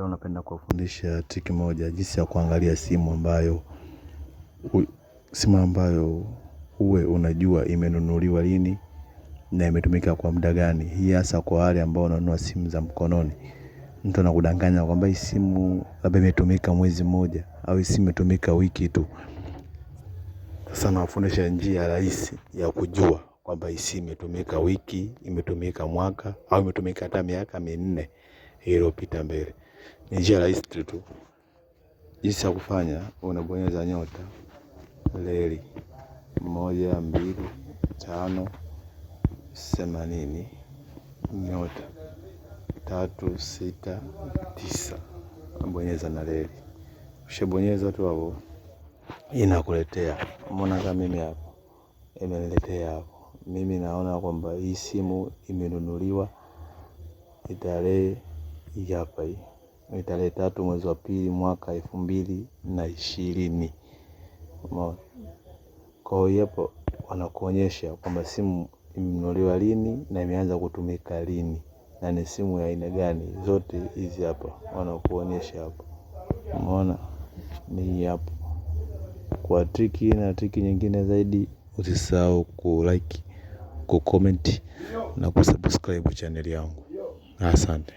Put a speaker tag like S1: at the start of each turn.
S1: Leo napenda kuwafundisha tiki moja jinsi ya kuangalia simu ambayo simu ambayo uwe unajua imenunuliwa lini na imetumika kwa muda gani. Hii hasa kwa wale ambao wanunua simu za mkononi. Mtu anakudanganya kwamba hii simu labda imetumika mwezi mmoja au hii simu imetumika wiki tu. Sasa nawafundisha njia rahisi ya kujua kwamba hii simu imetumika wiki, imetumika mwaka au imetumika hata miaka minne iliyopita mbele. Ni njia rahisi tu. Jinsi ya kufanya, unabonyeza nyota leli moja mbili tano themanini nyota tatu sita tisa unabonyeza na leli. Ushabonyeza tu hapo, inakuletea mbona, kama mimi hapo imeniletea hapo. Mimi naona kwamba hii simu imenunuliwa tarehe hii hapa hii tarehe tatu mwezi wa pili mwaka elfu mbili na ishirini. Kwa hiyo hapo wanakuonyesha kwamba simu imenunuliwa lini na imeanza kutumika lini na ni simu ya aina gani, zote hizi hapa wanakuonyesha hapo. Umeona ni hapo kwa triki na triki nyingine zaidi,
S2: usisahau kulike, kucomment na kusubscribe chaneli yangu. Asante.